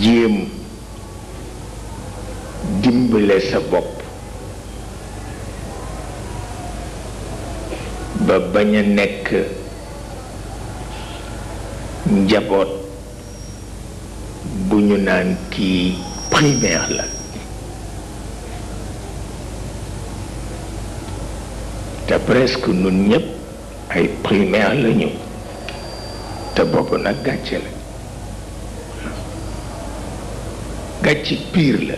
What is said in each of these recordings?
jéem dimbale sa bopp ba bañ a nekk njaboot bu naan kii primaire la te presque nun ñëpp ay primaire la ñu te boobu nag gàcce la ci piir la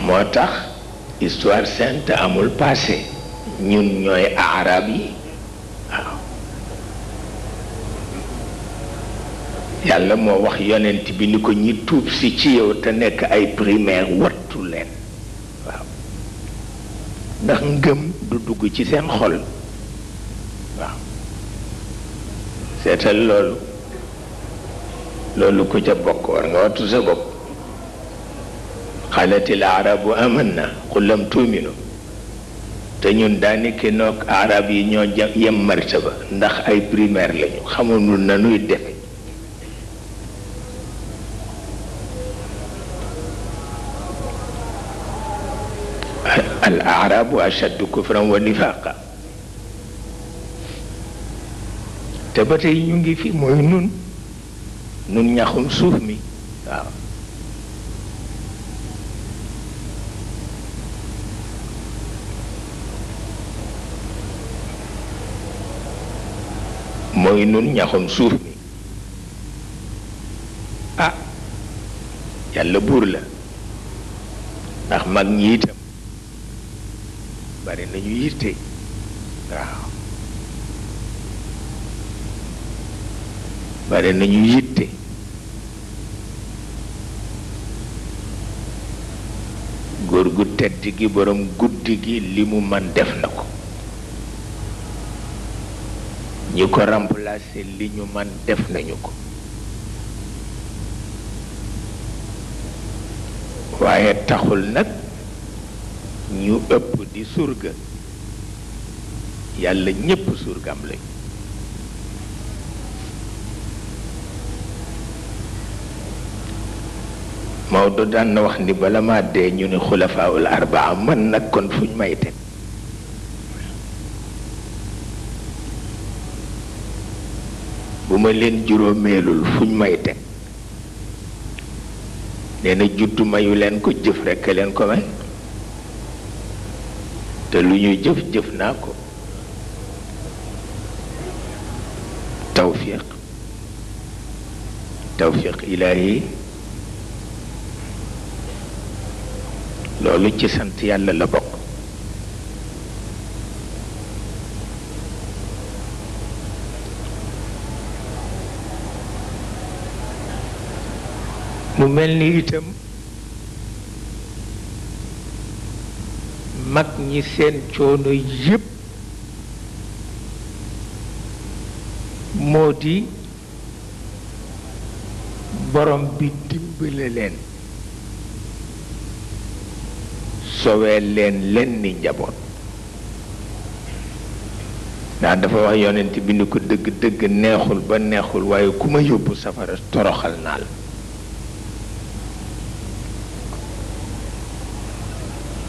moo tax histoire sainte amul paase ñun ñooy arab yi waaw yàlla moo wax yonent bi ni ko ñi tuub si ci yow te nekk ay primaire wattu leen waaw ndax ngëm du dugg ci seen xol waaw seetal loolu loolu ko ca bokk war nga wattu sa bopp xaalatil arabu aman na xullam tuuminu te ñun daaniki noog arab yi ñoo yem martaba ndax ay primaire lañu xamuñu na nuy def al arabu ashaddu kufran wa nifaqa te ba tey ñu ngi fi mooy nun nun ñaxum suuf mi waaw mooy nun ñaxum suuf mi ah yàlla buur la ndax mag ñi itam bari nañu yitte waaw bari nañu yitte tedd gi borom guddi gi li mu man def na ko ñi ko remplacer li ñu man def nañu ko waaye taxul nag ñu ëpp di surga yàlla ñépp surgam lañ Maodo daan na wax ni bala ma dee ñu ne xulafaawul arbaa man nag kon fuñ may teg bu ma leen juróomeelul fuñ may teg nee juddu mayu leen ko jëf rekk leen ko may te lu ñu jëf jëf naa ko tawfiq tawfiq ilaahi loolu ci sant yàlla la bokk mu mel ni itam mag ñi seen coono yépp moo di borom bi dimbale leen sowee leen lenn njaboot ndax dafa wax yonent bi ni ko dëgg dëgg neexul ba neexul waaye ku ma yóbbu safara toroxal naa la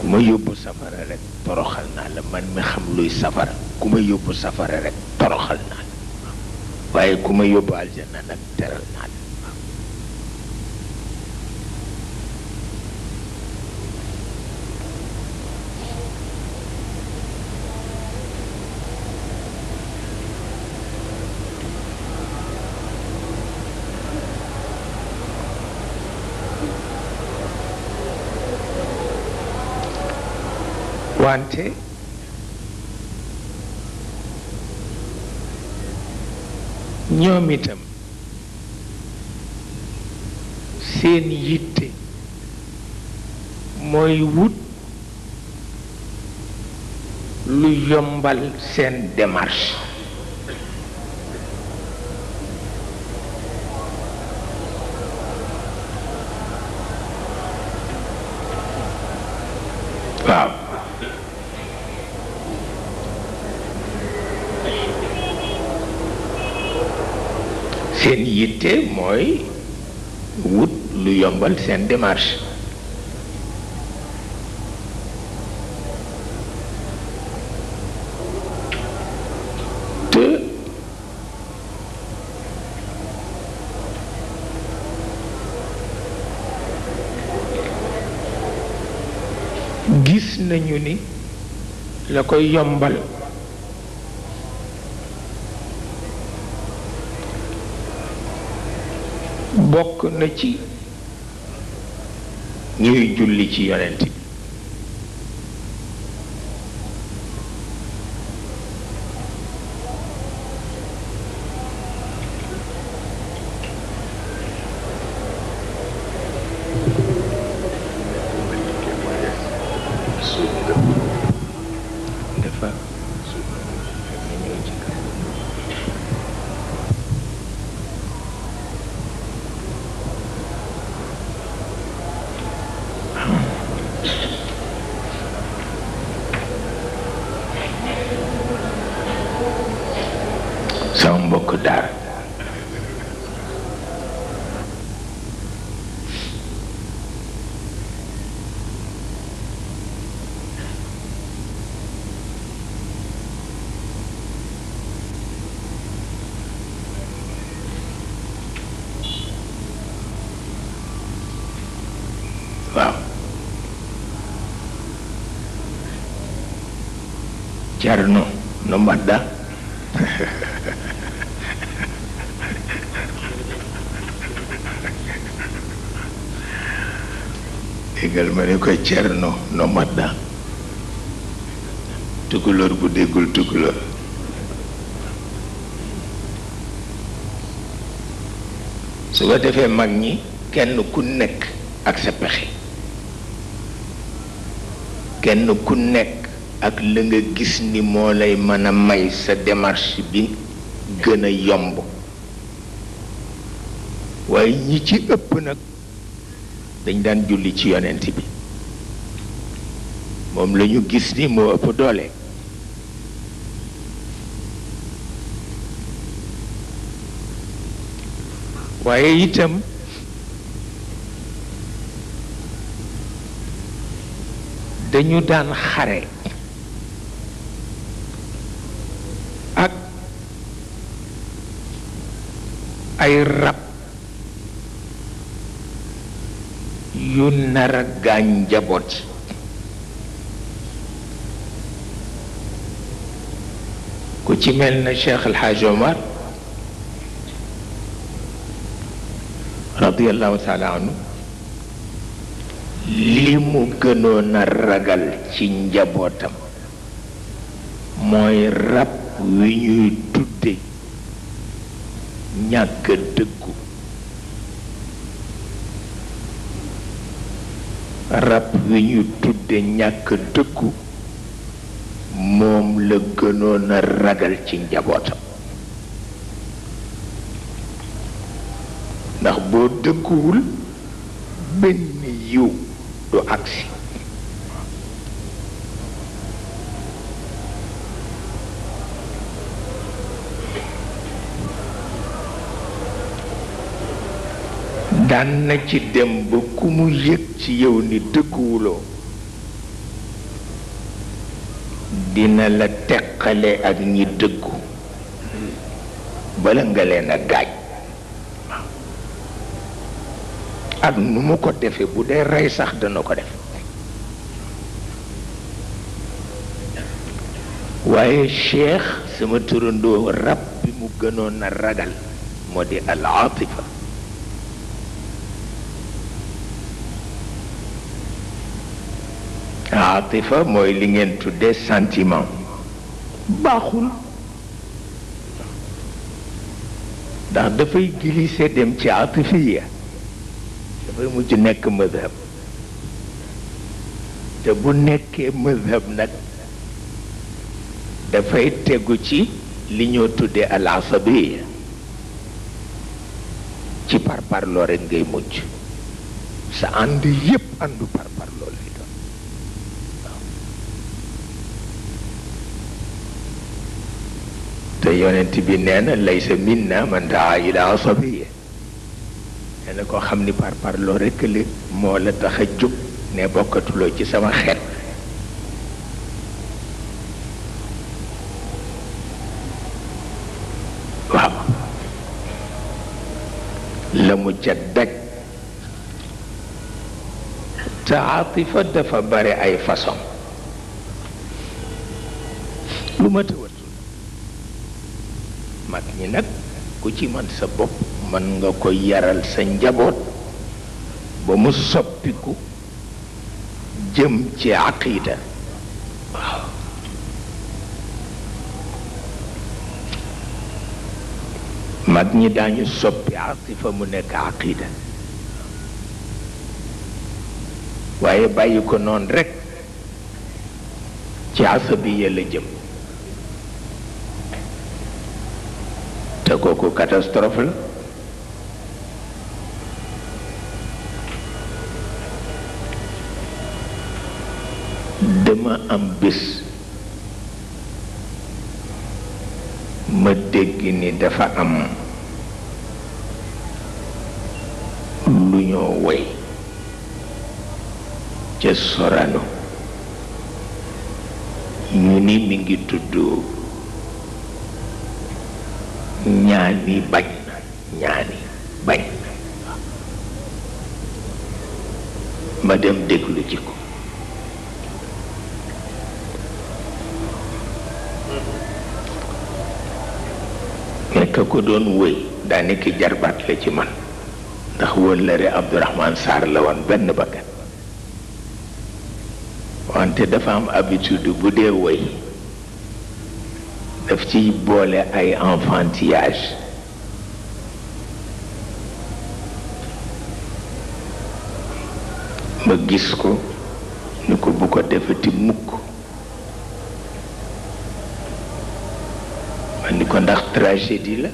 ku ma yóbbu safara rek toroxal naa la man mi xam luy safara ku ma yóbbu safara rek toroxal naa la waaye ku ma yóbbu aljana nag teral naa la ñoom itam seen yitte mooy wut lu yombal seen démarche seen yitte mooy wut lu yombal seen démarche te gis nañu ni la koy yombal bokk na ci ñuy julli ci yonent Cerno no mbaɗɗa ko Cerno no mbaɗɗa tukulóor bu déggul tukulóor su ko defee mag ñi kenn ku nekk ak sa pexe kenn ku nekk ak la nga gis ni moo lay mën a may sa démarche bi gën a yomb waaye ñi ci ëpp nag dañ daan julli ci yonent bi moom lañu gis ni moo ëpp doole waaye itam dañu daan xare ay rab yu nar a gaañ njaboot yi ku ci mel na Cheikh El Omar radiallahu taala anhu li mu gënoon a ragal ci njabootam mooy rab wi ñuy tudde ñàkk dëggu rab wi ñu tudde ñàkk dëggu moom la gënoon a ragal ci njabootam ndax boo dëgguwul benn yiw du agsi daan na ci dem ba ku mu yëg ci yow ni dëkkuwuloo dina la teqale ak ñi dëggu bala nga leen a gaaj ak nu mu ko defe bu dee rey sax dana ko def waaye cheikh sama turandoo rab bi mu gënoon a ragal moo di al atifa atifa mooy li ngeen tuddee sentiment baaxul ndax dafay glissé dem ci aatifiya dafay mujj nekk madhab te bu nekkee madhab nag dafay tegu ci li ñoo tuddee al asabiya ci parparloo rek ngay mujj sa ànd yépp àndu par yonent bi nee na laysa minna man daa ilaa sabiya nee na koo xam ni par par rekk li moo la tax a jóg ne bokkatuloo ci sama xeet waaw la mu ca daj te atifa dafa bare ay façon nag ku ci man sa bopp mën nga ko yaral sa njaboot ba mu soppiku jëm ci aqida mag ñi daañu soppi asifa mu nekk aqida waaye bàyyi ko noonu rekk ci asabiya la jëm te kooku catastrophe la dama am bés ma dégg ni dafa am lu ñoo woy ca Sorano ñu ni mi ngi tudd ñaani bañ ñaani bañ ma dem déglu ci ko nekk ko doon wëy daa nekk jarbaat la ci man ndax wëllëre Abdourahmane Sarr la woon benn bakkan wante dafa am habitude bu dee wëy daf ciy boole ay enfantillage ma gis ko ni ko bu ko defati mukk ma ni ko ndax tragédie la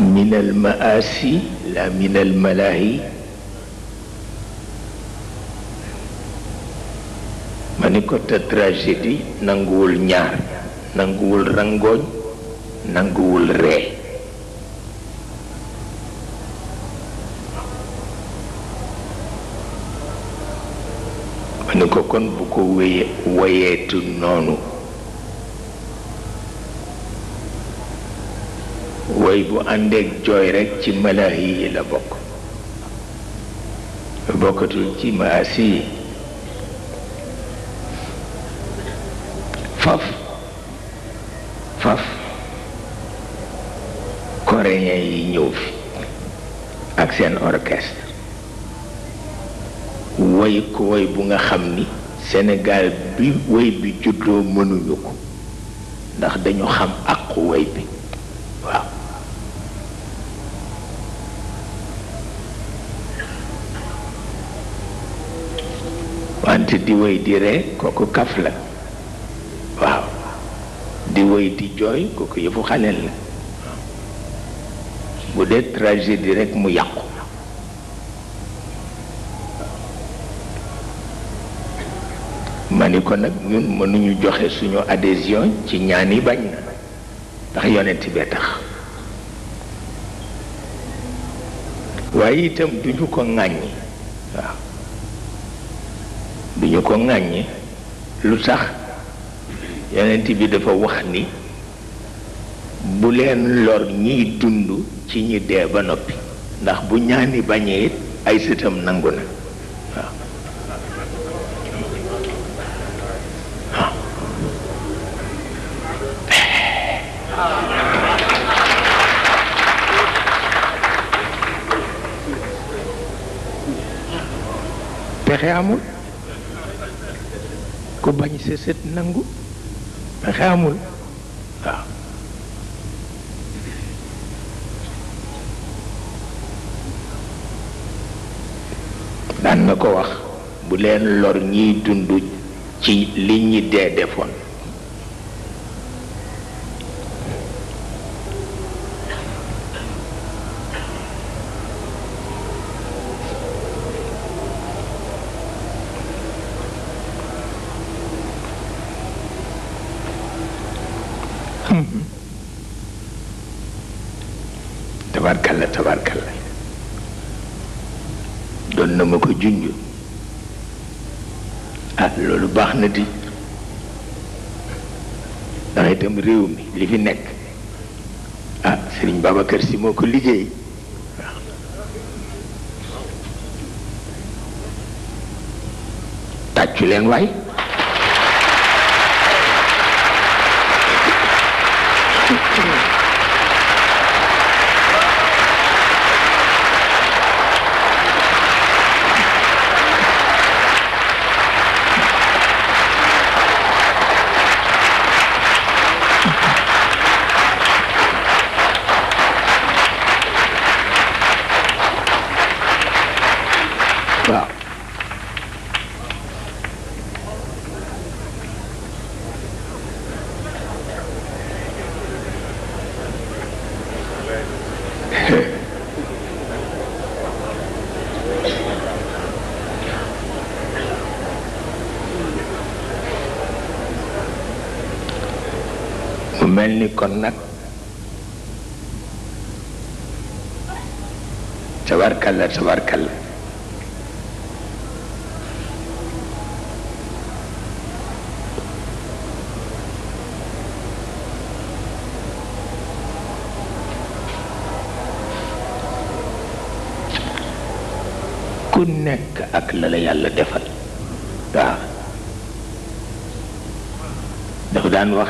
من المآسي لا من الملاهي ta tragedi nangul ñaar nangul rangoñ nangul re ma ko kon bu ko waye tu nonu way bu àndeeg joy rek ci malahi la bok bokkatul ci maasi seen orchestre woy ko woy bu nga xam ni Sénégal bi woy bi juddoo mënuñu ko ndax dañu xam àqu woy bi waaw wante di woy di ree kooku kaf la waaw di woy di jooy kooku yëfu xaleel la bu dee tragédie rekk mu yàqu ni ko nag ñun mënuñu joxe suñu adhésion ci ñaani bañ na ndax yonent bee tax waaye itam duñu ko ŋàññi waaw ko ŋàññi lu tax yonent bi dafa wax ni bu leen lor ñiy dund ci ñi dee ba noppi ndax bu ñaani bañee it ay sëtam nangu na pexe amul ku bañ sa nangu pexe amul waaw daan na ko wax bu leen lor ñiy dund ci li ñi dee defoon lu bax na di ndax itam réew mi li fi nekk ah serigne Babacar si moo ko liggéey tàccu leen waay ni kon nag tabarkalla tabarkalla ku nekk ak la la yàlla defal waaw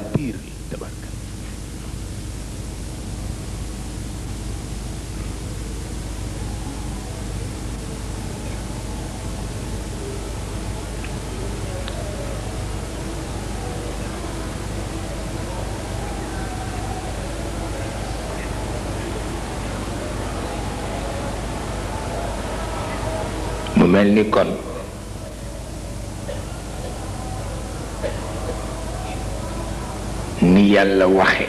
melni kon ni yàlla waxe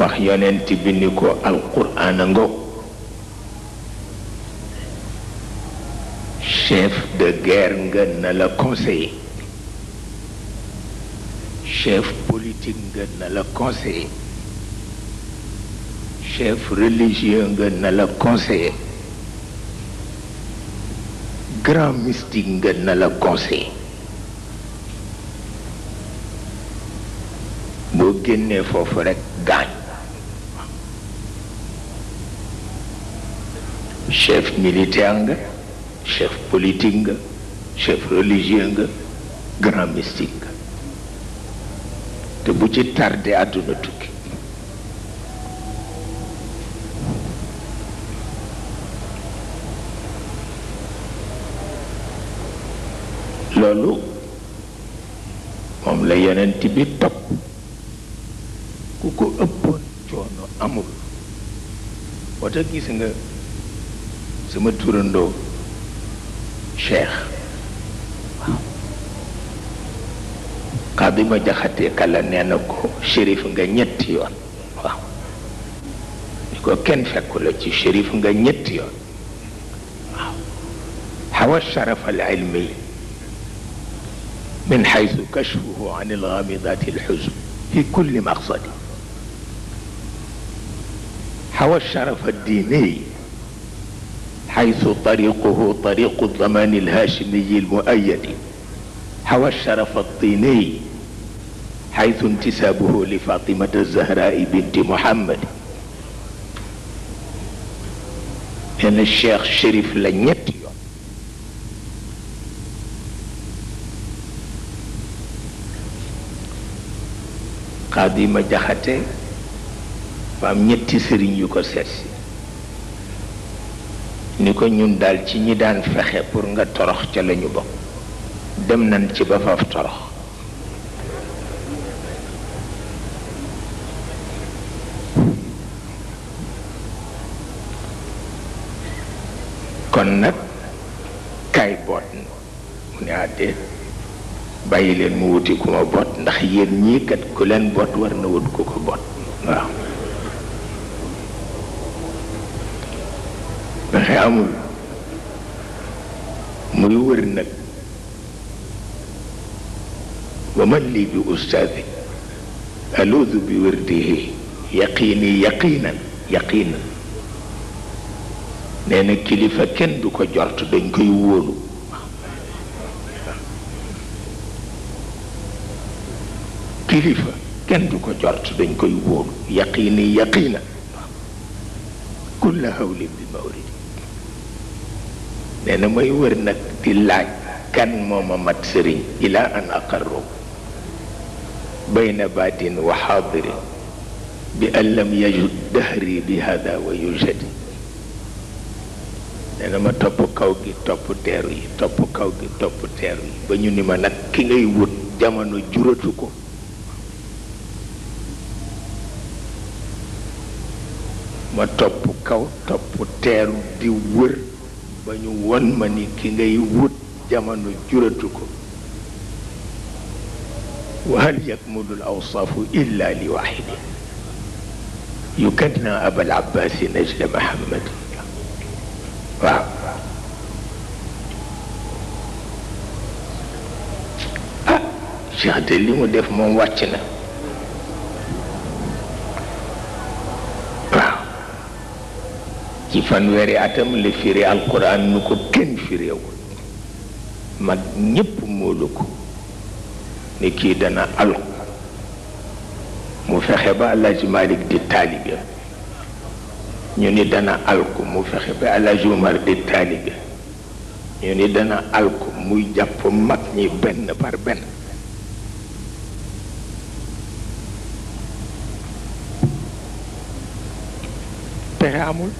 wax yonenti bi ni ko alquraan a chef de guerre nga na la conseiller chef politique nga na la conseiller chef religieux nga na la conseiller grand mystique nga na la conseiller boo génnee foofu rekk gaañ chef militaire nga chef politique nga chef religieux nga grand mystique nga te bu ci tardé àdduna tukki yenent bi topp ku ko ëppoon coono amul wata gis nga sama turandoo cheikh waaw kaa bi ma jaxatee kala nee na ko shérif nga ñetti yoon waaw ni ko kenn fekku la ci shérif nga ñetti yoon waaw xawa sharaf al ilmi من حيث كشفه عن الغامضات الحزن في كل مقصد حوى الشرف الديني حيث طريقه طريق الضمان الهاشمي المؤيد حوى الشرف الطيني حيث انتسابه لفاطمة الزهراء بنت محمد ان الشيخ شريف لنيت ma jaxate ba am ñetti sëriñ yu ko seetsi ni ko ñun daal ci ñi daan fexe pour nga torox ca lañu bokk dem nañ ci ba faaf torox kon nag bàyyi leen mu wuti ku ma bot ndax yéen ñi kat ku len bot war na wut ko ko bot waaw pexe amul muy wër nag wa man li bi ustaadi aluudu bi wërdihi yaqiini yaqiinan yaqiinan nee na kilifa kenn du ko jort dañ koy wóolu kilifa kenn du ko jort dañ koy wóoru yaqiini yaqiina kulla hawlin bi mawrid nee na may wër nag di laaj kan mooma mat sëriñ ila an aqarru bayna baatin wa xaadirin bi an lam yajud dahri bi hada wa yujadi nee na ma topp kaw gi topp teeru yi topp kaw gi topp teeru yi ba ñu ni ma nag ki ngay wut jamono juratu ko ma topp kaw topp teeru di wër ba ñu won ma ni ki ngay wut jamono juratu ko wa hal yakmudu l awsaafu li waxidi yukanna abal abbaasi najla mahammad waaw ah Cheikh de li mu def moom wàcc na ci fanweeri atam la firi alquran nu ko kenn firéewul mag ñépp moolu ko ni kii dana alku mu fexe ba alaji malik di taalibe ñu ni dana alku mu fexe ba alaji umar di taalibe ñu ni dana alku muy jàpp mag ñi benn par benn pexe amul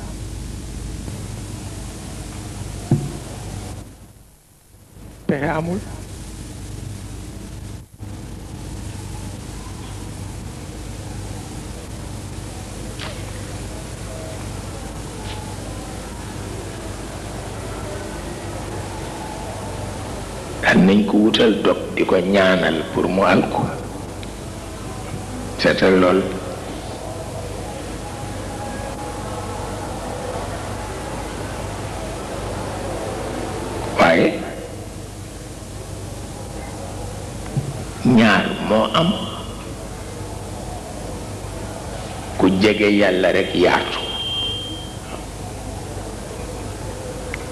pexe amul nañ ko wutal dog di ko ñaanal pour mu alko seetal lool ñaar moo am ku jege yàlla rekk yaatu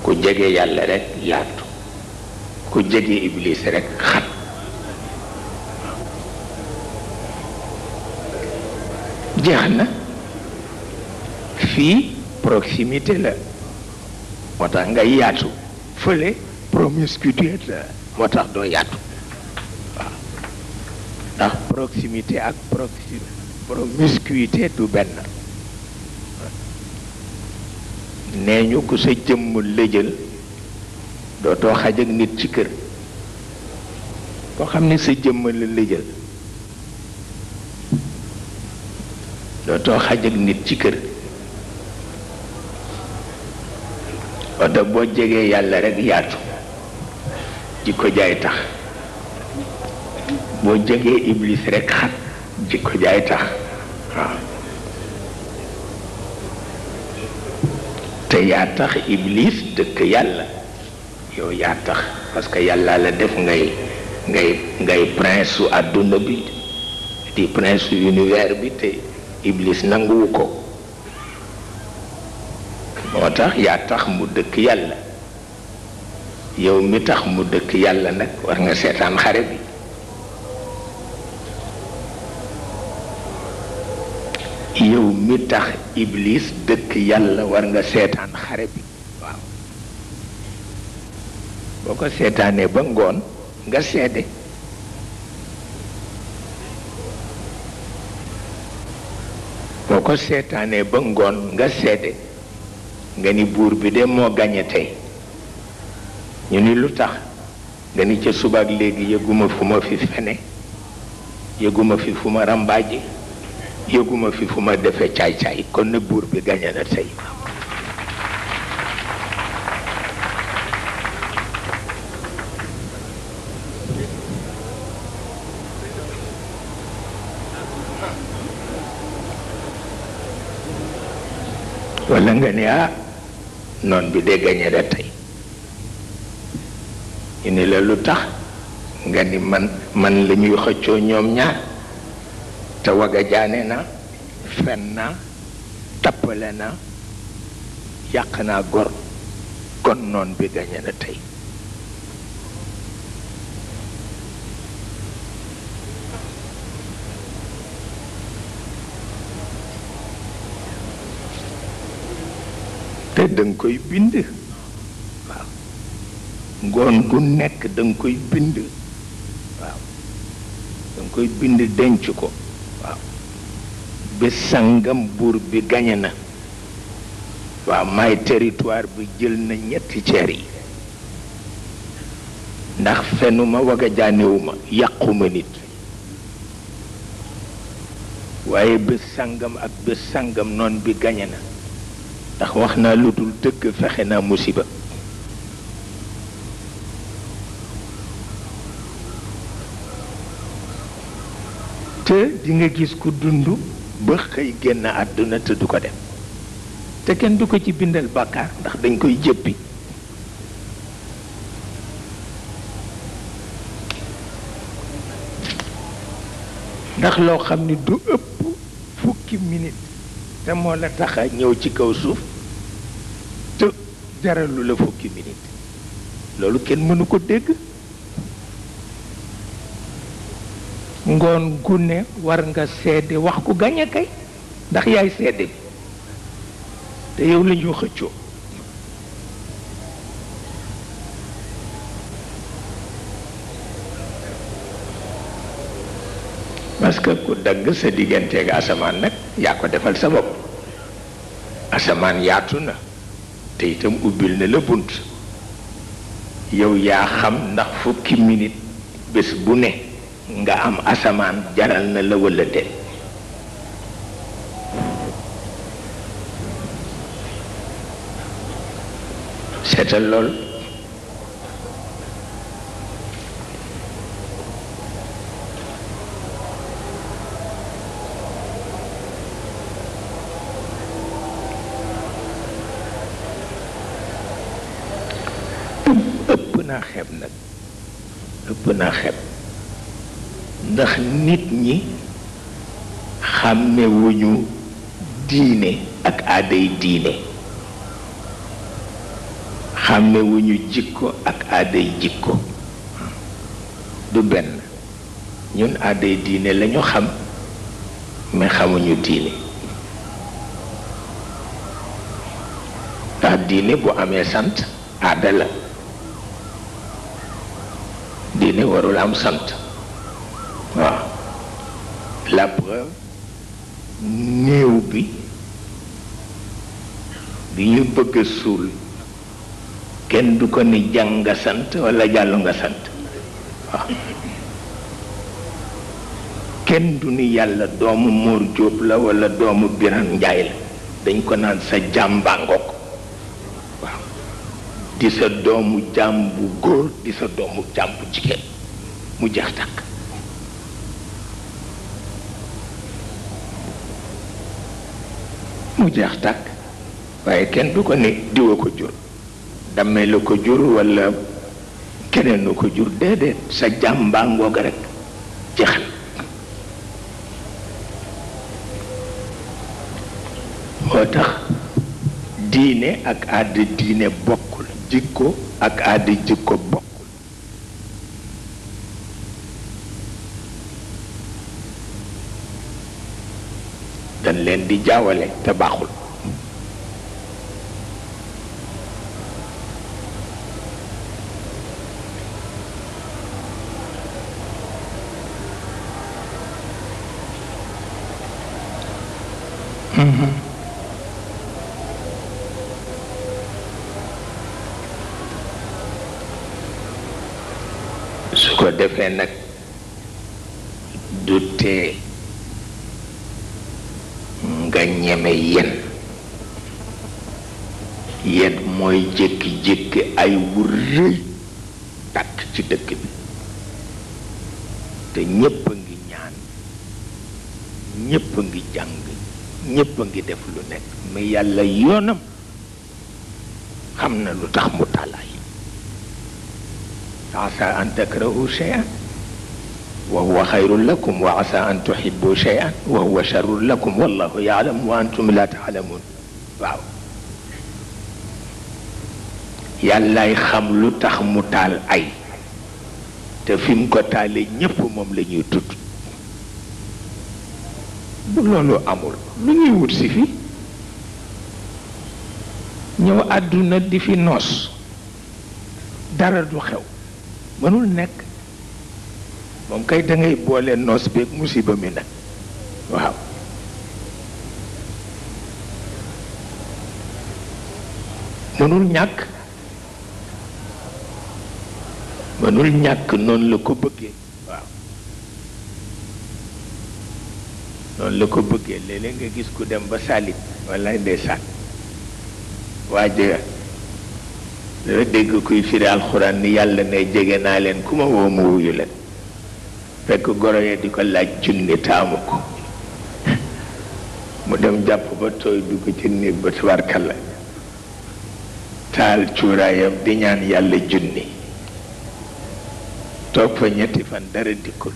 ku jege yàlla rekk yaatu ku jege iblis rekk xat jeex na fii proximité la moo tax nga yaatu fële promiscuité la moo tax doo yaatu proximité ak proxi du benn nee ñu ko sa jëmm doo dootoo xaj ak nit ci kër koo xam ne sa jëmm la lëjël dootoo xaj ak nit ci kër oto boo jegee yàlla rekk yaatu di ko jaay tax boo jegee iblis rek xat jikko jaay tax waaw te yaa tax iblis dëkk yàlla yow yaa tax parce que yàlla la def ngay ngay ngay prince su àdduna bi di prince su univers bi te iblis nanguwu ko moo tax yaa tax mu dëkk yàlla yow mi tax mu dëkk yàlla nag war nga seetaan xare bi mi iblis dëkk yàlla war nga seetaan xare bi waaw boo ko seetaanee ba ngoon nga seede boo ko seetaanee ba ngoon nga seede nga ni buur bi de moo gañe tey ñu ni lu nga ni ca léegi yëguma fu ma fi fene yëguma fi fu ma yëguma fi fu ma defee caay-caay kon na buur bi gañe la tey wala nga ne ah noon bi de gañe na tey ñu ne la lu tax nga ni man man la xëccoo ñoom ñaar te waga jaane na fen na tappale na yàq na gor kon noon bi gañe na tey te danga koy bind waaw ngoon gu nekk danga koy bind waaw danga koy bind denc ko bi sangam buur bi gañe na waaw may territoire bi jël na ñetti ceer yi ndax fenuma waga jaanewuma yàquma nit waaye bés sàngam ak bés sangam noon bi gañe na ndax wax naa lu dul dëgg fexe naa musiba te di nga gis ku dund ba xëy génn àdduna te du ko dem te kenn du ko ci bindal bàkkaar ndax dañ koy jëppi ndax loo xam ni du ëpp fukki minute te moo la tax a ñëw ci kaw suuf te jaralu la fukki minute loolu kenn mënu ko dégg ngoon gunne war nga seede wax ku gañe kay ndax yaay seede bi te yow la ñu xëccoo parce que ku dagg sa digganteeg asamaan nag yaa ko defal sa bopp asamaan yaatu na te itam ubbil na la bunt yow yaa xam ndax fukki minit bés bu ne nga am asamaan jaral na la walla déet seetal lool ëpp naa xeeb nag ëpp naa xeeb ndax nit ñi xàmmewuñu diine ak aaday diine xàmmewuñu jikko ak aaday jikko du benn ñun aaday diine lañu xam mais xamuñu diine ndax diine bu amee sant aada la diine warul am sant la preuve néew bi bi ñu bëgg suul kenn du ko ni jàng nga sant walla jàll nga sant waaw ah. kenn du ni yàlla doomu Mor la walla doomu Biran Njaay la dañ ko naan sa jaam bàngook waaw di sa doomu jaam bu góor di sa doomu jaam bu jigéen mu jeex tàkk mu jeex tàkk waaye kenn du ko ne diwa ko jur dammee la ko jur walla keneen ko jur déedéet sa jàmm mbaa ngoog rek jeexal moo tax diine ak àdd diine bokkul jikko ak àdd jikko bokk di jaawale te baaxul su ko defee nag yoonam xam na lu tax mu tàllaay عسى أن تكرهوا شيئا وهو خير لكم وعسى أن تحبوا شيئا وهو شر لكم والله يعلم وأنتم لا تعلمون واو yàllaay xam lu tax mu taal ay te fi mu ko taalee ñépp moom la ñuy tudd bu loolu amul lu ñuy wut si fii ñëw àdduna di fi noos dara du xew mënul nekk moom kay da boole noos beeg musiba mi nag waaw mënul ñàkk mënul ñàkk noonu la ko bëggee waaw noonu la ko bëggee léeg nga gis ku dem ba salit wallaay ndeysaan waa jega dana dégg kuy firi alxuraan ni yàlla na jege naa leen ku ma woo mu wuyu leen fekk goro ya di ko laaj junni taamu ko mu dem jàpp ba tooy dugg ci néeg ba taal cuuraayam di ñaan yàlla junni toog fa ñetti fan dara dikkul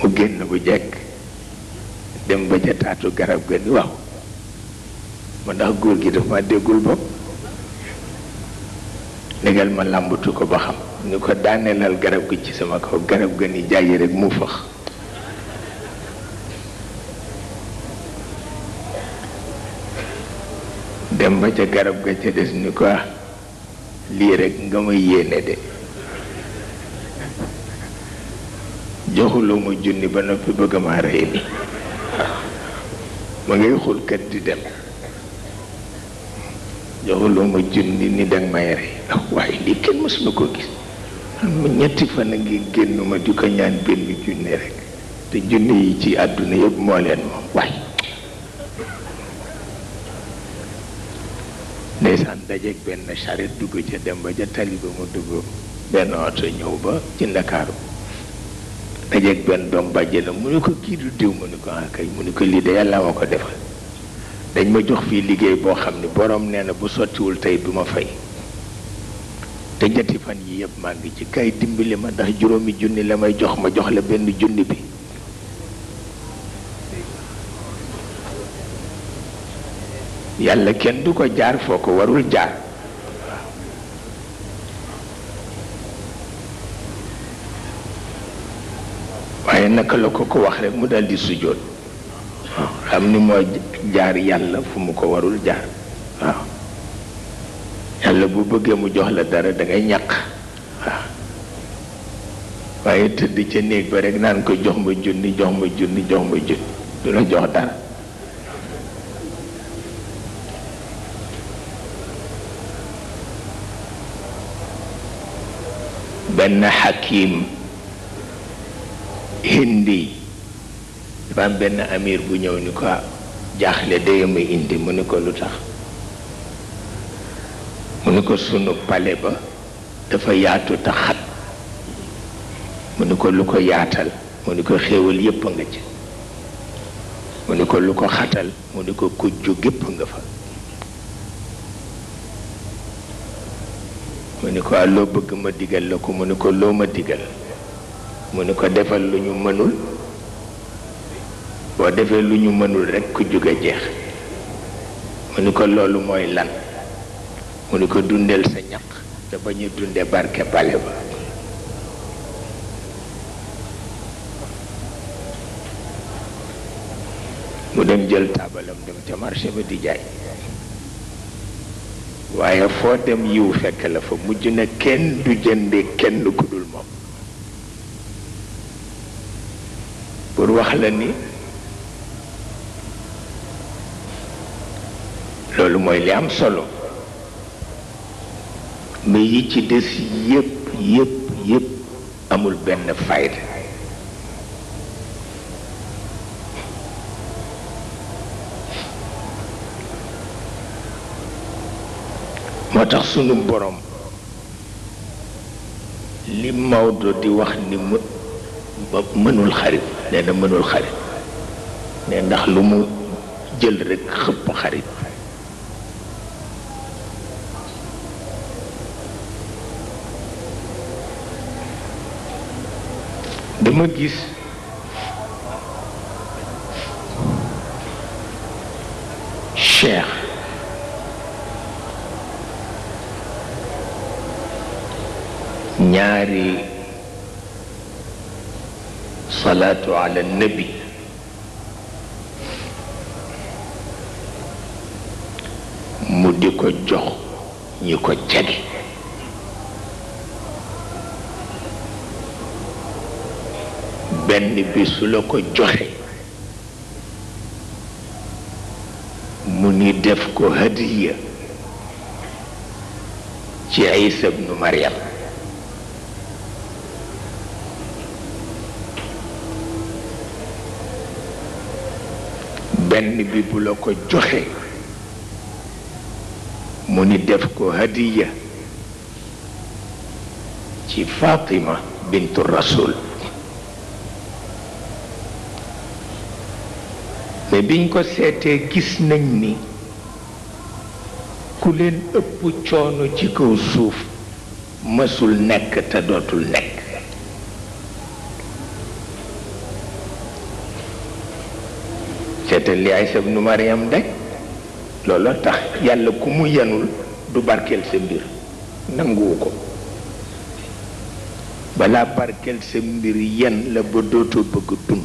mu génn bu jekk dem ba ca taatu garab ga ni waaw ma ndax góor gi daf ma déggul bopp négal ma làmbatu ko ba xam ni ko daaneelal garab gi ci sama kaw garab ga ni jàyyi rek mu fax dem ba ca garab ga ca des ni ko ah, lii rek nga ma yéene de joxuloo ma junni ba noppi bëgg maa rey ni ma ngay xulkat di dem joxuloo ma junni ni danga may rey ndax ah, waaye lii kenn mës na ko gis ma ñetti fan a ngi génn ma di ko ñaan benn junni rek te junni yi ci àdduna yëpp moo leen moom waaye ndeysaan dajeeg benn charrette dugg ca dem ba ca tali ba mu dugg benn oto ñëw ba ci Ndakaaru dajeeg benn doom bàjjenam mu ne ko kii du diw mu ne ko ah kay mu ne ko lii de yàlla ma ko defal dañ ma jox fii liggéey boo xam ne boroom nee na bu sottiwul tey duma ma fay te ñetti fan yii yëpp maa ci kay dimbali ma ndax juróomi junni la may jox ma jox la benn junni bi yàlla kenn du ko jaar foo ko warul jaar naka la ko ko wax rek mu daal di sujjóot waaw xam ni moo jaar yàlla fu mu ko warul jaar waaw yàlla bu bëggee mu jox la dara da ngay ñàkk waaw waaye tëdd ca néeg ba rek naan ko jox ma junni jox ma junni jox ma junni du la jox dara benn xakim hindi dafa am benn amir bu ñëw ni ko ah, jaaxle dayama indi mu ni ko lu tax mu ni ko sunu pale ba dafa yaatu te xat mu ni ko lu ko yaatal mu ni ko xéewal yépp nga ci mu ni ko lu ko xatal mu ni ko kujju gépp nga fa mu ni ko ah, loo bëgg ma digal la ko mu ni ko loo ma digal mu ni ko defal lu ñu mënul boo defee lu ñu mënul rekk ku jóge jeex mu ni ko loolu mooy lan mu ni ko dundeel sa ñaq te ba ñu dunde barke pale ba mu dem jël taabalam dem ca marché ba di jaay waaye foo dem yiw fekk la fa mujj na kenn du jënde kenn ku moom pour wax la ni loolu mooy li am solo mais yi ci des yépp yépp yépp amul benn fayda moo tax sunu borom li Maodo di wax ni mënul xarit nee na mënul xarit ne ndax lu mu jël rek xëpp xarit dama gis cheikh ñaari الصلاة على النبي مدك الجو يكجل بن بسلوك الجو مني دفكو هدية جعيس ابن مريم benn bi bu la ko joxe mu ni def ko hadiya ci Fatima bintu Rasul mais biñ ko seetee gis nañ ni ku leen ëpp coono ci kaw suuf mësul nekk te dootul nekk seetal li Aysa ibnu Mariam de looloo tax yàlla ku mu yenul du barkeel sa mbir nanguwu ko balaa barkeel sa mbir yen la ba dootoo bëgg dund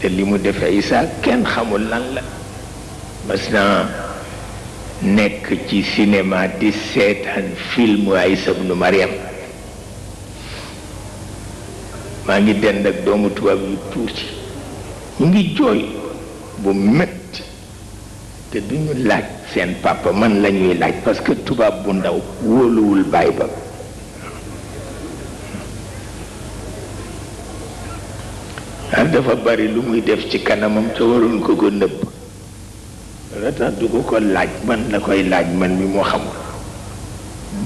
te li mu defe Isa kenn xamul lan la mas naa nekk ci cinéma di seetaan film Aysa ibnu Mariam maa ngi dend ak doomu tubaab yu tuuti ñu ngi jooy bu métti te du ñu laaj seen papa man lañuy laaj parce que tubaab bu ndaw wóoluwul baay ba ah dafa bari lu muy def ci kanamam te waroon ko ko nëbb la tax du ko ko laaj man la koy laaj man mi moo xamul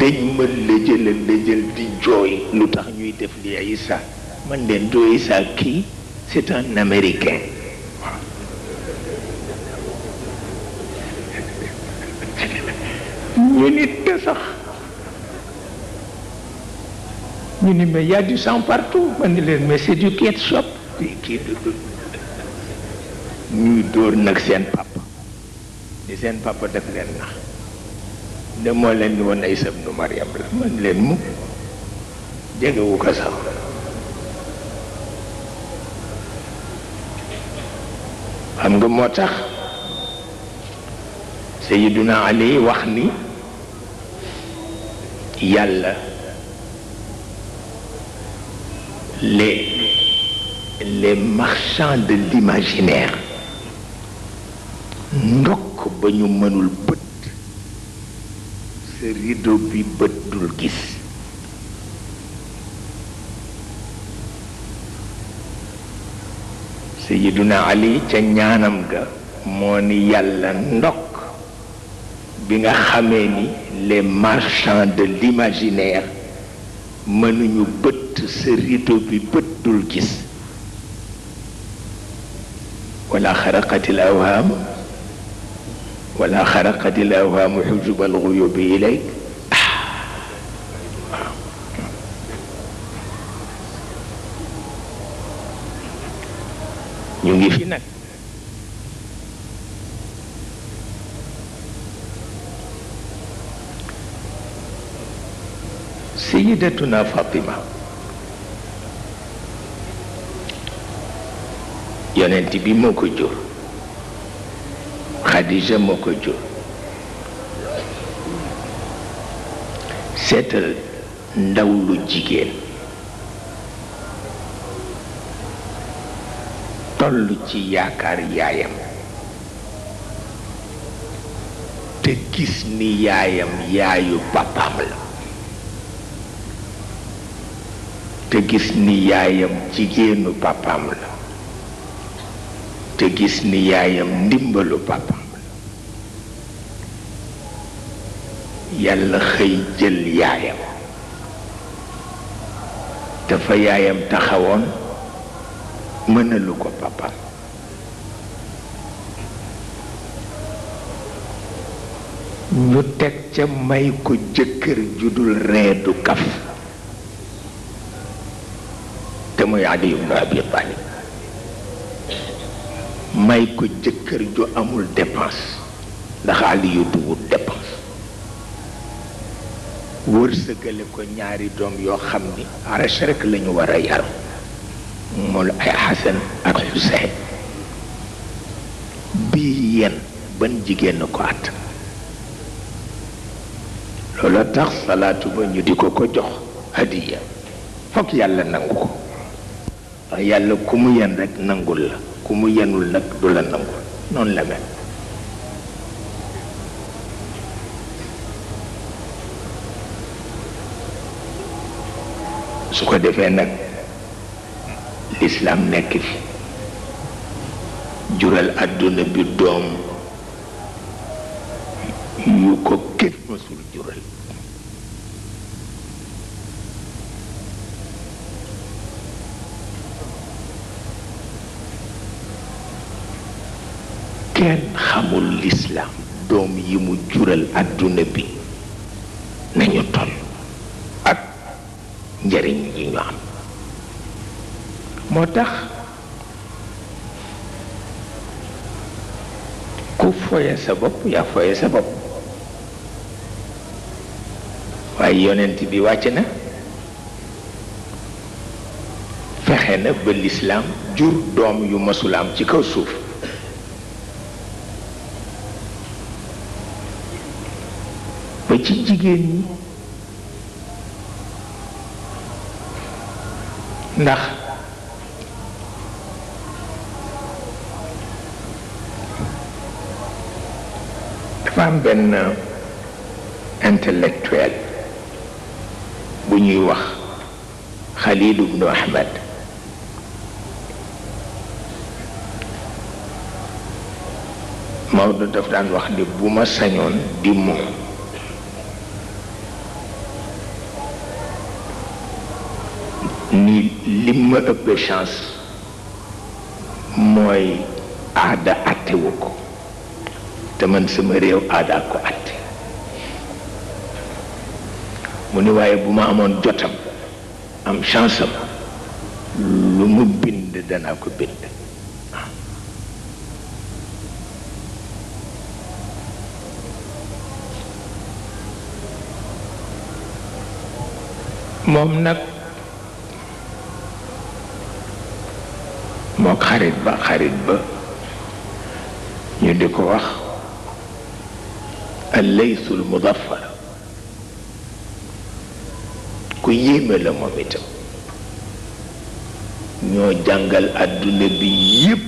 dañ ma lëjëla lëjël di jooy lu tax ñuy def li ay sax man leen doy saa kii c'est un américain ñu nit te sax ñu ni mais y a du sang partout man leen mais c'est du ketchup kii dóor nag seen papa di seen papa def leen nax de moo leen ni ay sëb nu Mariam la man leen mu jegewu ko sax xam nga moo tax Seydina Ali wax ni yàlla les les marchands de l'imaginaire ndokk ba ñu mënul bët sa rideau bi bët dul gis sayiduna ali ca ñaanam ga moo ni yàlla ndokk bi nga xamee ni les marchands de l'imaginaire mënuñu bëtt sa rito bi bëttul gis wala xaraqat al awham wala xaraqat al awham xujub al guyub ilayk ñu ngi fi nag Sayyidatuna Fatima yonent bi moo ko jur Khadija moo ko jur seetal ndaw lu jigéen tolucia ci yaakaar yaayam te gis ni yaayam yaayu papaam la te gis ni yaayam jigéenu papaam la te gis ni yaayam ndimbalu yaayam yaayam mënalu ko papa ñu teg ca may ko jëkkër ju dul reedu kaf te muy Ali ibn Abi Talib may ko jëkkër ju amul dépense ndax Ali yu duwul dépense wërsëgale ko ñaari doom yoo xam ni arach lañu war a yaru mool ay xasan ak xuseyn bii yenn ban jigéen ko at loola tax salaatu ba ñu di ko ko jox hadiya fokk yàlla nangu ko ndax yàlla ku mu yen rek nangul la ku mu yenul nag du la nangul noonu la mel su ko defee nag Islam nekk fi jural aduna bi doom yu ko kef masul jural kenn xamul l'islam doom yi mu jural aduna bi nañu toll ak njariñ yi ñu am moo tax ku foye sa bopp yaa foye sa bopp waaye yonent bi wàcc na fexe na ba lislaam jur doom yu am ci kaw suuf ba ci jigéen ñi ndax benn euh, intellectuel bu ñuy wax Khalil ibn Ahmed Maodo daf daan wax ni bu ma sañoon di moom ni li ma ëpp chance mooy aada àttewu ko te man sama réew aadaa ko atte mu ni waaye bu ma amoon jotam am chance am lu mu bind danaa ko bind moom nag moo xarit ba xarit ba ñu di ko wax الليث المظفر كيما لما ميتا نيو جانغال ادنا بيب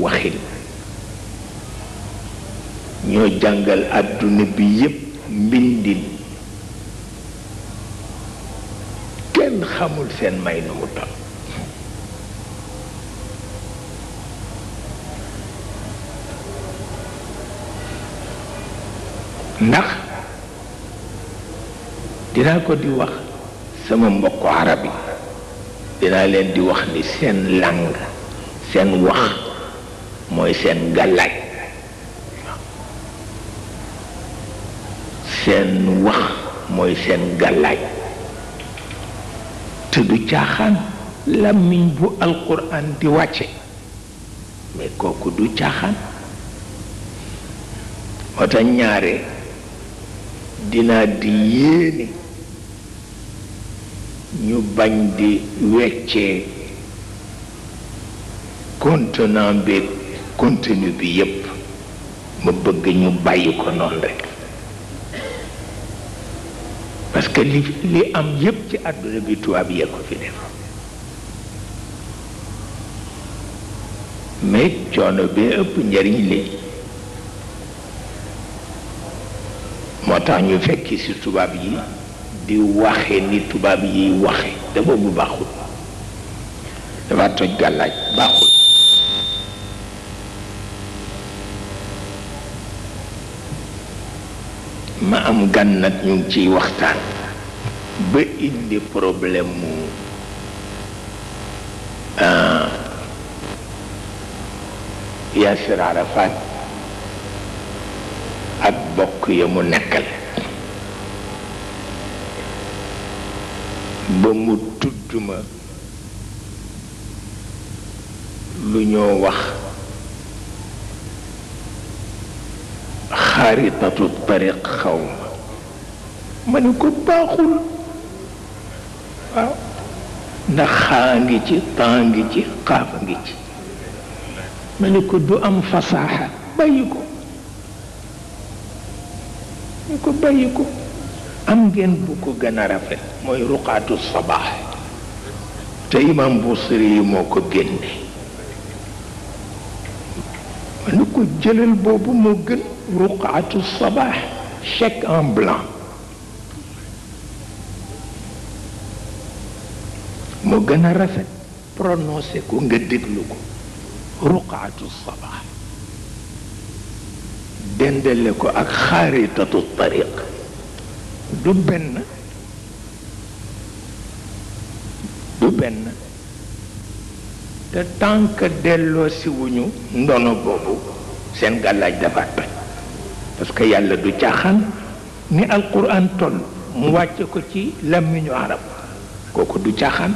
وحيد وخيل نيو جانغال ادنا بي ييب مندين كين خامول سين ماي نومو ndax dinaa ko di wax sama mbokk arab yi dinaa leen di wax ni seen lang seen wax mooy seen gàllaaj seen wax mooy seen gàllaaj te du caaxaan bu alquran di wàcce mais kooku du caaxaan moo ñaare dinaa di yéene ñu bañ di weccee contenant bi contenu bi yépp ma bëgg ñu bàyyi ko noonu rekk parce que li li am yépp ci àdduna bi tubaab yee ko fi def mais coono bi ëpp njariñ li motax ñu fekki ci tubaab yi di waxe ni tubaab yi waxe dafa bu baaxul dafa toj gàllaaj baaxul ma am gan ñu ngi waxtaan ba indi problème mu ah, yaasir arafat kuya ya mu nekkal ba mu tudduma lu ñoo wax xaritatu tariq xaw ma ne ko baaxul waaw ah, ndax ci ci ci ma ko du am fasaaxa bàyyi ko ñu ko bàyyi ko am ngeen bu ko gën a rafet mooy ruqaatu sabaax te imam Busiri yi moo ko génne ma ko jëlal boobu moo gën ruqaatu sabaax chèque en blanc moo gën a rafet prononcé ko nga déglu ko ruqaatu sabaax dendale ko ak xaaritatu tariq du benn du benn te tànk delloosiwuñu ndono boobu seen gàllaaj dafa toj parce yàlla du caaxaan ni alquran toll mu wàcce ko ci làmmiñu arab kooku du caaxaan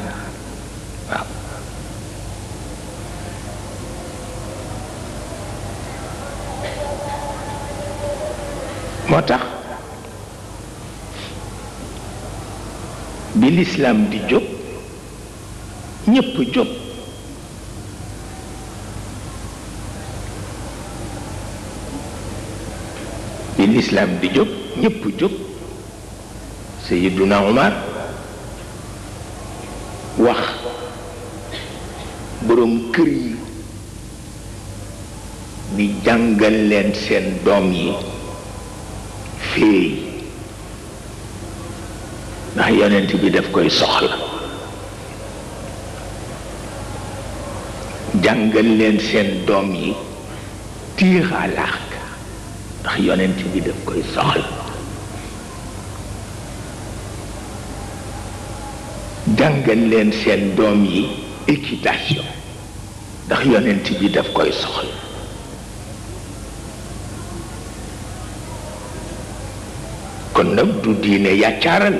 motax bi l'islam di job ñepp job bi l'islam di job ñepp job sayyiduna umar wax borom kër yi di jàngal leen seen doom yi fii ndax yonent bi daf koy soxla jàngal leen seen doom yi tiir ndax yonent bi daf koy soxla jàngal leen seen doom yi équitation ndax yonent bi daf koy soxla kon nak du diine yàccaaral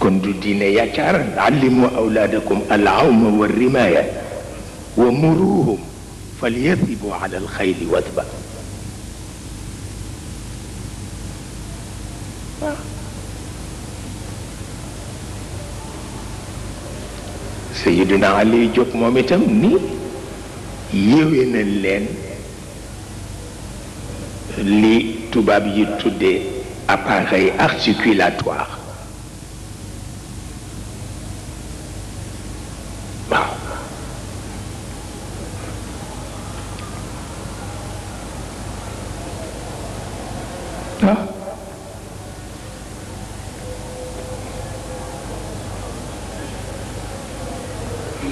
kon du diine yàccaaral allimu awladakum al awma war-rimaya wa muruhum falyathibu ala al khayl wathba sayiduna ali jóg moom itam ni yéwénal leen li appareils yi tuddee appareil a un petit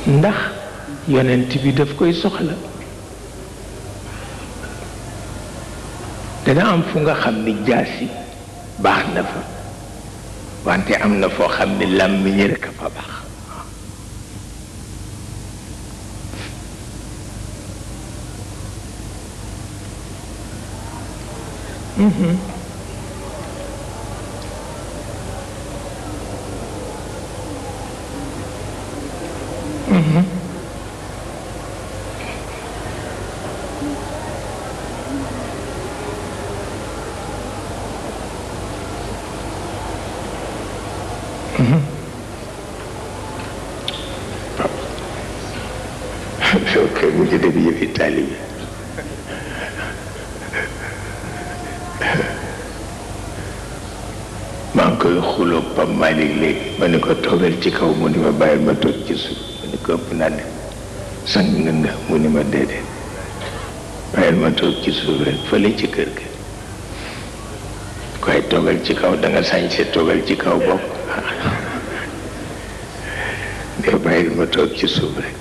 ndax yonent bi daf koy soxla dana am fu nga xam ni jaasi baax na fa wante am na foo xam ni làmmiñ rekk fa baax Mm-hmm. ci taalibe maa koy xuloo Pap Malick léegi ma ne ko toogal ci kaw mu ni ma bàyyil ma toog ci suuf ma ne mu ni ma bàyyil ma toog ci suuf rek fële ci kër ga koy toogal ci kaw da nga sañ see ci kaw bopp de bàyyil ma toog ci suuf rek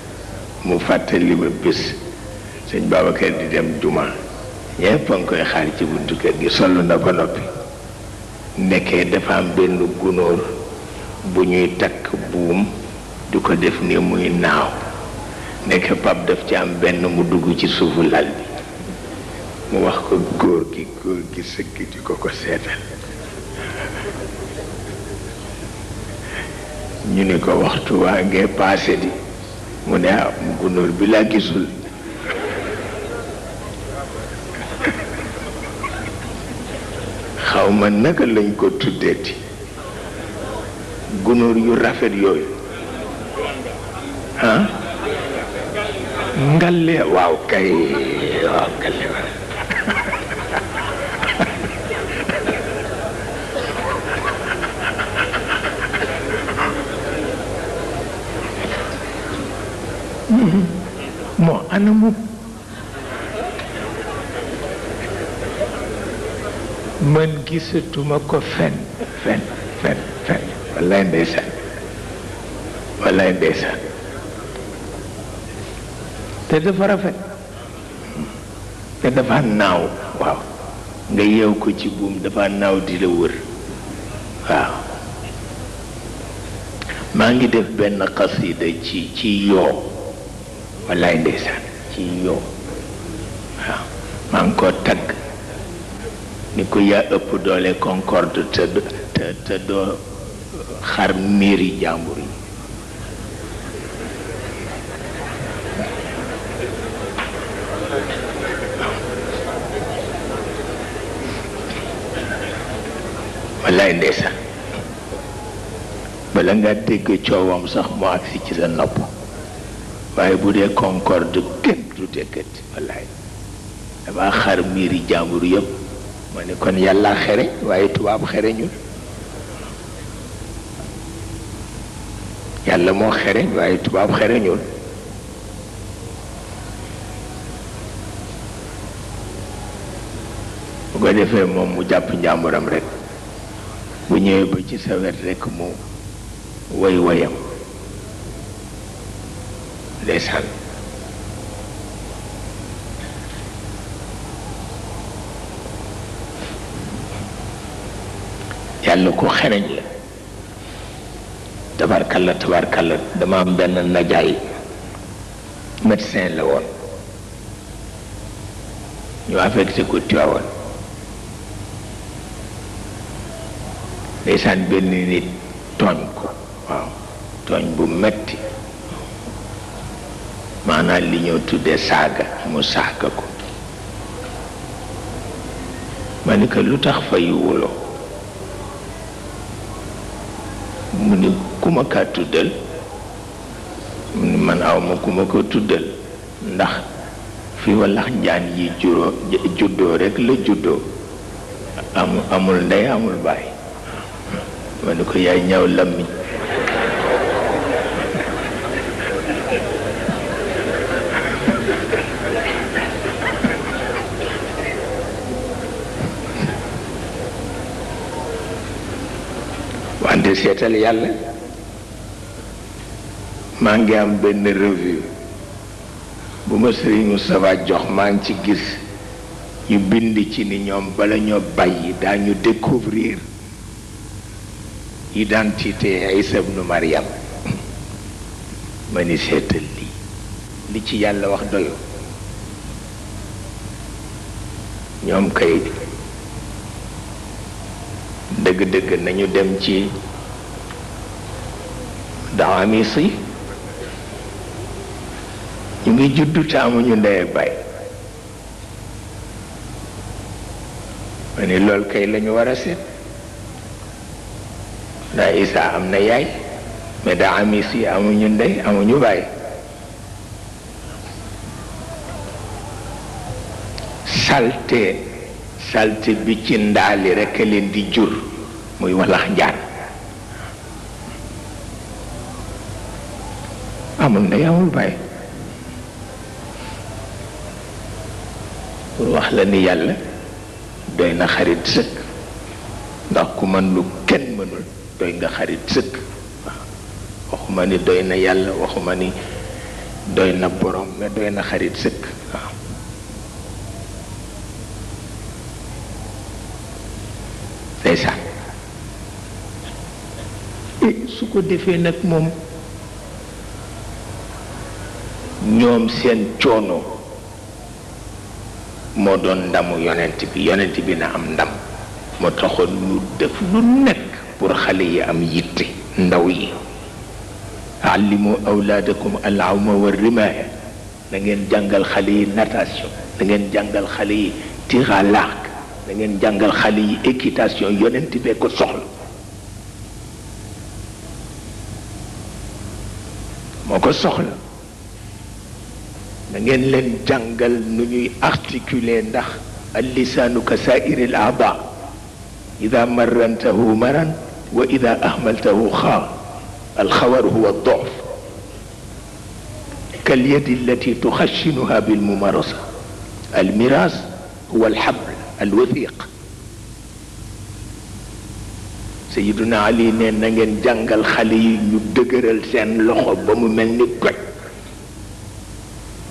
mu fàttali ma bés sëñ Babacar di dem juma ñëpp a koy xaar ci buntu kër gi sollu na ko noppi nekkee dafa am benn gunóor bu ñuy takk buum di ko def ni muy naaw nekk pap daf ci am benn mu dugg ci suufu lal bi mu wax ko góor gi góor gi sëgg di ko ko seetal ñu ni ko waxtu waa ngee paase di mu ne am ah, gunóor bi laa gisul xaw ma naka lañ ko tuddeeti gunóor yu rafet yooyu ah ngalle waaw kay waaw ngalle hmm, hmm. moo anamu man gisatuma ko fen fen fen fen wallaay ndeysaan wallaay ndeysaan te dafa rafet te dafa naaw waaw nga yeew ko ci buum dafa naaw di la wër waaw maa ngi def benn xasida ci ci yoo wallaay ndeysaan ci yoo waaw maa ngi ko tagg ni ko yaa doole concorde te doo xar miiri jàmbur yi wallaay ndeysaan bala nga dégg coowam sax mu agsi ci sa nopp waaye bu dee concorde kenn du dëkkati wallaay damaa xar miiri jàmbur yëpp ma ne kon yàlla xere waaye tubaab xere ñun yàlla moo xereñ waaye tubaab xereñul bu ko defee moom mu jàpp njàmburam rek bu ñëwee ba ci sa wet rek mu woy woyam ndeysaan yàlla ko xereñ la tabarkalla tabarkalla dama am benn najaay médecin la woon ñu affecté ko Tiwaawan ndeysaan benn nit tooñ ko waaw tooñ bu metti maanaam li ñoo tuddee saaga mu saaga ko ma lu tax fay wuloo mu ni ku tuddal mu ni man aw ma ku ma ko tuddal ndax fi wallax yi juróo juddoo rekk la juddoo amul amul ndey amul baay ma ni ko yaay ñaw lammiñ te seetal yàlla maa ngi am benn revue bu ma Serigne Moustapha jox maa ngi ci gis ñu bind ci ni ñoom bala ñoo bàyyi daañu découvrir identité Isa ibnu Maryam ma ni seetal lii li ci yàlla wax doyo ñoom kay dëgg-dëgg nañu dem ci daamisi ñu ngi juddu te amuñu ndey bay ma ne loolu kay lañu war a seet ndax Isa am na yaay mais daamisi amuñu ndey amuñu bay salte salte bi ci ndaali rekk leen di jur muy walax njaan amul ndey amul bàyyi wax la ni yàlla doy na xarit sëkk ndax ku mën lu kenn mënul doy nga xarit sëkk waxuma ni doy na yàlla waxuma ni doy na borom mais doy na xarit sëkk waaw ndeysaan eh, su ko defee nag moom ñoom seen coono moo doon ndamu yonent bi yonent bi na am ndam moo taxoon mu def lu nekk pour xale yi am yitte ndaw yi àllimu awlaadakum alawma wa rimaaya na ngeen jàngal xale yi natation dangeen jàngal xale yi tir dangeen jàngal xale yi équitation yonent bee ko soxla moo ko soxla da ngeen leen jàngal nu ñuy articuler ndax allisaanu ka saairi l aada ida marrantahu maran wa ida ahmaltahu xaam alxawar huwa addof كاليد التي تخشنها بالممارسة المراس هو الحبل الوثيق سيدنا علي نين نغن جانغال خالي يو دغeural sen loxo bamu melni goj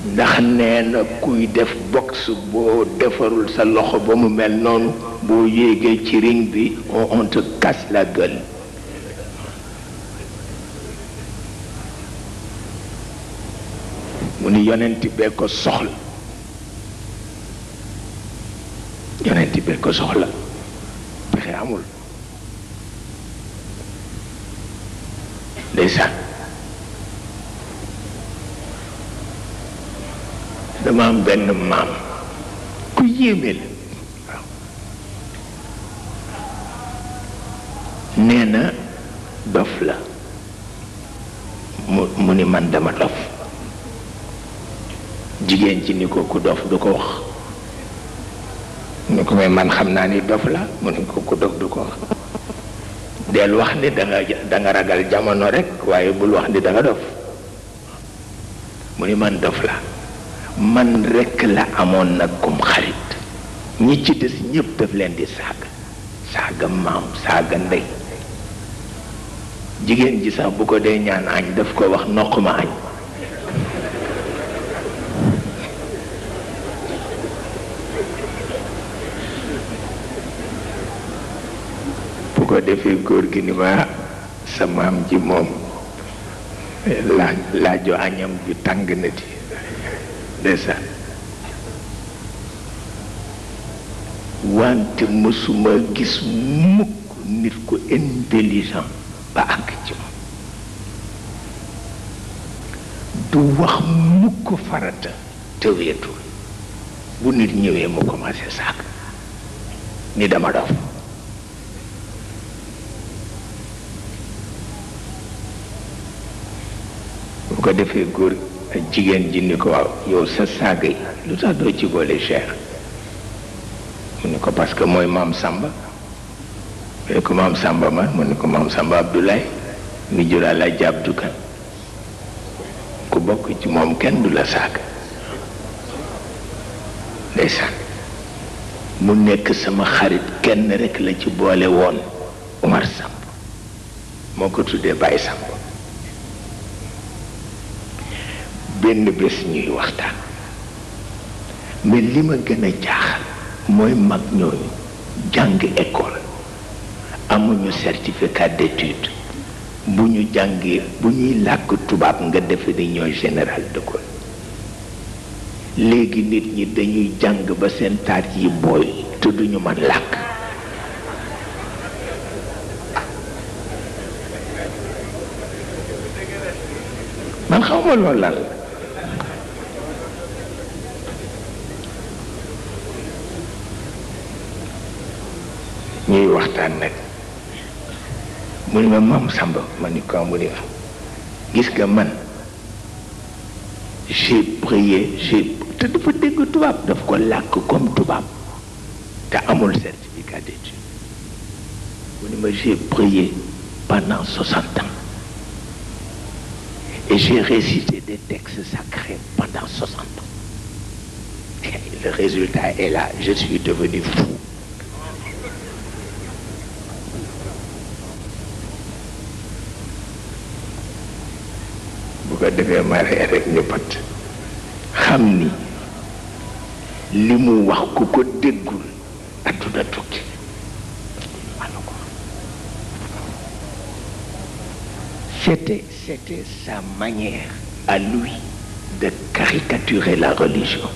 ndax nee na kuy def boxe boo defarul sa loxo ba mu mel noonu boo yéegee ci ring bi on te casse la gueule mu ni yonent bee ko soxla yonent bee ko soxla pexe amul ndeysaan dama am benn maam ku yéeme la waaw nee na dof la mu ni man dama dof jigéen ci ni ko ku dof du ko wax ni ko may man xam ni dof la mu ko ku dof du ko wax del wax ni da nga da nga ragal jamono rek waaye bul wax ni da nga dof mu ni man dof la man rekk la amoon nag kum xarit ñi ci des ñépp daf leen di saaga saaga maam saaga ndey jigéen ji sax bu ko dee ñaan daf ko wax noq ma añ ko defee góor gi ni ma sa maam ji moom laaj laajo añam ju tàng na di ndeysaan wante mësuma gis mukk nit ku intelligent ba àgg ci moom du wax mukk farata te wéetul bu nit ñëwee mu commencé saak ni dama dof bu ko defee góor ak jigéen ji ni ko waaw yow sa saaga yi lu tax doo ci boole Cheikh mu ni ko parce que mooy maam sàmba mu ni ko maam Samba man mu ni ko maam Samba Abdoulaye ni juraa laa jàpp dukan ku bokk ci moom kenn du la saaga ndeysaan mu nekk sama xarit kenn rek la ci boole woon Omar Samb moo ko tuddee Baye Samb benn bés ñuy waxtaan mais li ma gën a jaaxal mooy mag ñooñu jàng école amuñu certificat d'étude bu ñu jàngee bu ñuy làkk tubaab nga defe ni ñooy général de Gaulle léegi nit ñi dañuy jàng ba seen taar yi booy te duñu man làkk man xawma loolu lan la ñuy waxtaan nag mu ni ma maam Samba ma ni ko mu ni gis nga man j'ai prié j'ai te dafa dégg tubaab daf ko làkk comme tubaab te amul certificat de d'étude mu ni ma j'ai prié pendant soixante ans et j'ai récité des textes sacrés pendant soixante ans le résultat est là je suis devenu fou ko defee ma ree rek ñu pat xam ni li mu wax ku ko déggul adduna tukki c'était c'était sa manière à lui de caricaturer la religion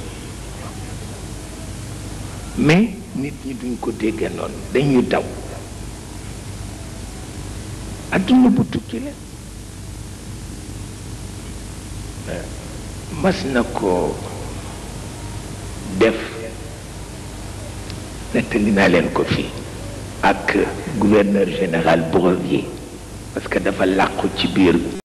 mais nit ñi duñ ko dégge noonu dañuy daw adduna bu tukki la mas na ko def nettali naa leen ko fii ak gouverneur général Brevier parce que dafa làqu ci biir